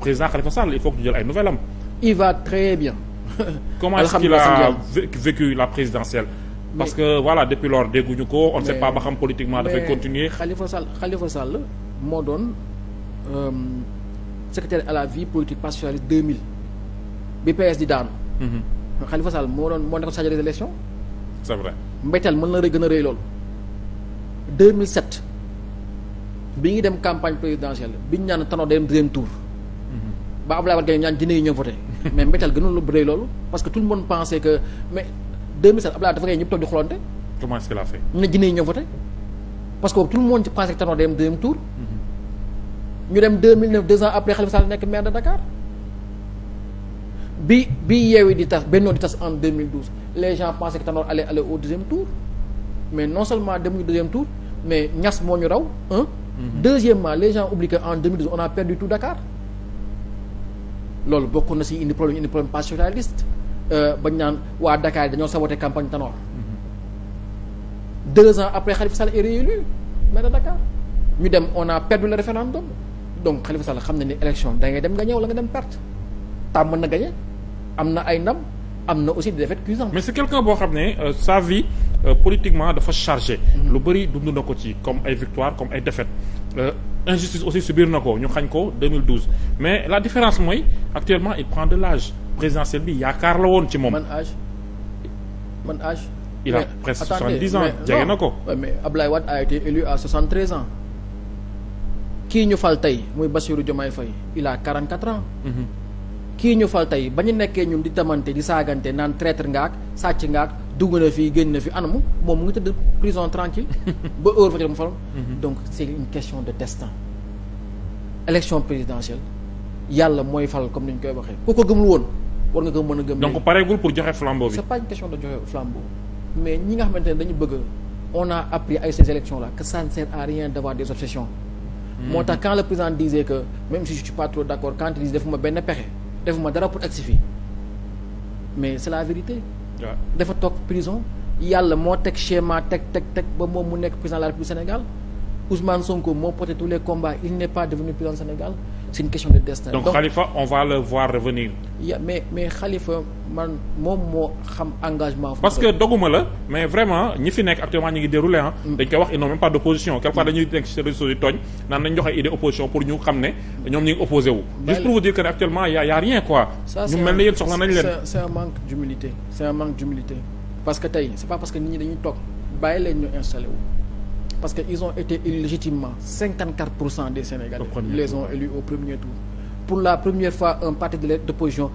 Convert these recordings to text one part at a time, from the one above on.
président Khalifa Sall il faut que ñu jël ay nouvelles am. va très bien. comment est-ce qu'il vécu la présidentielle. parce que voilà depuis lors dégguñu ko. on ne pas ba xam politiquement dafay continuer. Khalifa Sall Khalifa moo doon euh, secrétaire à la vie politique pastoraliste 2000 bi PS di daanu. Mhm. Khalifa Sall moo doon moo nekkoon chargé des élections. mën na rëy gën a rëy loolu. 2007 bi ngi dem campagne présidentielle bi ñu ñaan Tanor day dem deuxième tour. ba Abdoulaye Wade ñaan dina yi ñoom voté mais mbetteel gënoon lu bëri loolu parce que tout le monde pensait que mais 2007 Abdoulaye dafa koy ñëpp toog di xolante. comment est-ce qu'il yi ñoom voté parce que tout le monde pensait que Tanor dem deuxième tour. Mm-hmm. ñu dem 2009 deux ans après Khalifa Sall nekk maire de Dakar. bi bi Yewwi di tas Benno di tas en 2012 les gens pensaient que Tanor allait aller au deuxième tour mais non seulement demuñu deuxième tour mais Niass moo ñu raw un. Mm-hmm. deuxièmement les gens oublient en 2012 on a perdu tout Dakar. loolu bokk na si indi problème indi problème pastoraliste euh, bañ naan waa Dakar yi dañoo saboté campagne Tanor deux ans après Khalifa Sall est réélu maire de Dakar ñu dem on a perdu le référendum donc Khalifa Sall xam na ni élection dangay dem gagné wala nga dem perte tàmm na gagné am na ay ndam am na aussi de défaites cuisantes mais c'est quelqu'un boo xam ne euh, sa vie Euh, politiquement dafa chargé. Mhm. lu bëri dund na ko ci comme ay victoire comme ay défaite euh, injustice aussi subir na ko ñu xañ ko 2012 mais la différence mooy actuellement il prend de lage présidentiel bi yaakaar la woon ci moom. man âge man âge. il a presque soixante na ko. mais Ablaye Wade a été à soixante-treize ans. kii ñu fal tey muy Bassirou Diomaye Faye il a quarante-quatre ans. Mhm. kii ñu fal tey ba ñu nekkee ñun di tamante di saagante naan traître ngaak sàcc ngaak dugg na fii génn na fi anamu moom mu ngi tëdd prison tranquille ba heure fa mu falam mhm. donc c'est une question de destin élection présidentielle yàlla mooy fal comme ni ñu koy waxee ko ko gëmul woon war nga ko mën a gëm donc pareegul pour joxe flambeau bi c'est pas une question de joxe flambeau mais ñi nga xamante ne dañu bëgg on a appris à ces élections là que ça ne sert à rien d'avoir des obsessions mhm. moo tax quand le président disait que même si je suis pas trop d'accord quand il dara pour agsi fii mais la dafa toog prison yàlla moo teg schéma teg teg teg ba moom mu nekk président de la République du Sénégal Ousmane Sonko moo porté tous les combats il n'est pas devenu président Sénégal c'est une question de destin. donc Khalifa on va le voir revenir. ya mais mais Khalifa man moom moo xam engagement. parce que doguma la mais vraiment ñi fi nekk actuellement ñu ngi déroulé ah. Mm. dañ koy wax ils n'ont même pas d'opposition. quelquefois dañuy nekk ci réseaux yi tooñ naan nañ joxe idée opposition pour ñu xam ne ñoom ñu ngi opposé wu. juste pour vous actuellement y a y a rien quoi. ñu mel ne yéen soxla nañ leen c'est un d'humilité c'est un manque que tey c'est pas que nit ñi dañuy toog bàyyi leen wu. parce que ils ont été élus légitimement 54 pour cent des Sénégalais les ont élus au premier tour pour la première fois un parti de l'opposition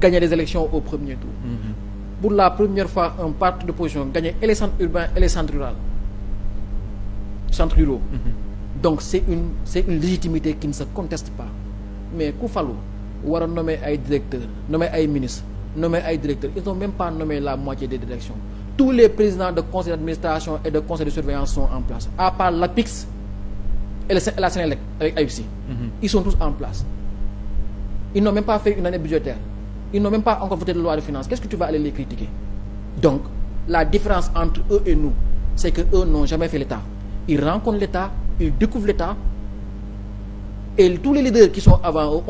gagnait les élections au premier tour mhm. pour la première fois un parti d'opposition gagnait et les centres urbains et les centres ruraux centres donc c'est une c'est une légitimité qui ne se conteste pas mais ku falu war a ay directeurs nommer ay ministres nommer ay directeurs ils n'ont même pas nommé la moitié des directions tous les présidents de conseil d'administration et de conseil de surveillance sont en place à part l'APIX et la Sénélec avec AIBC. Mhm. ils sont tous en place ils n'ont même pas fait une année budgétaire ils n'ont même pas encore voté de loi de finances qu'est-ce que tu vas aller les critiquer donc la différence entre eux et nous c'est que eux n'ont jamais fait l'État ils rencontrent l'État ils découvrent l'État et tous les leaders qui sont avant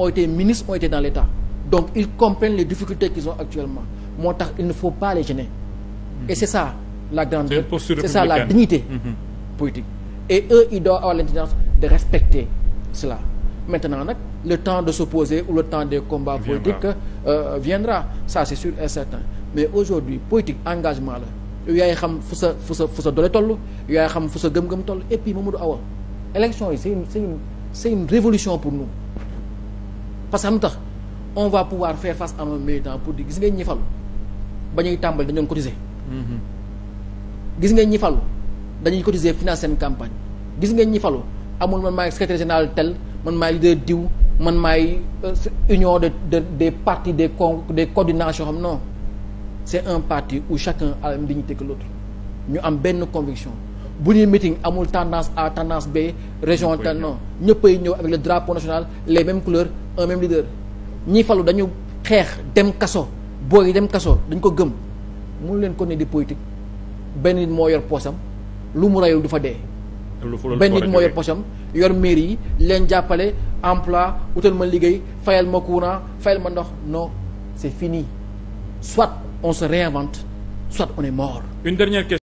et c'est ça la grandeur c'est ça la dignité mm-hmm. politique et eux ils doivent avoir l'intelligence respecter cela maintenant nag le temps de s'opposer ou le temps des combats viendra. politiques euh, viendra ça c'est sûr et certain mais aujourd'hui politique engagement la yow yaay xam fu sa fu sa fu sa doole toll yaay xam fu sa gëm-gëm toll et puis Mamadou Awa élection yi c'est une c'est une c'est une révolution pour nous parce que xam tax on va pouvoir faire face à nos pour di gis ngeen ñi falu ba ñuy tàmbali dañu doon cotiser Mm-hmm. gis nga ñi falu dañuy cotiser finance seen campagne gis ngeen ñi falu amul man maay secrétaire général tel man maay leader diw man maay euh, union de de des partis des con des coordinations xam non c'est un parti où chacun a la même ñu que l'autre ñu am benn conviction bu ñuy meeting amul tendance A tendance B région tel non ñëppay ñëw avec le drapeau national les même couleurs un même leader ñi falu dañu xeex dem kaso booy dem kaso dañ ko gëm mënu leen ko di politique benn nit moo yor poosam lu mu reyul du fa dee benn nit moo yor poosam yor mairie yi leen jàppale emploi utal ma liggéey fayal ma courant fayal ma ndox non c'est fini soit on se réinvente soit on est mort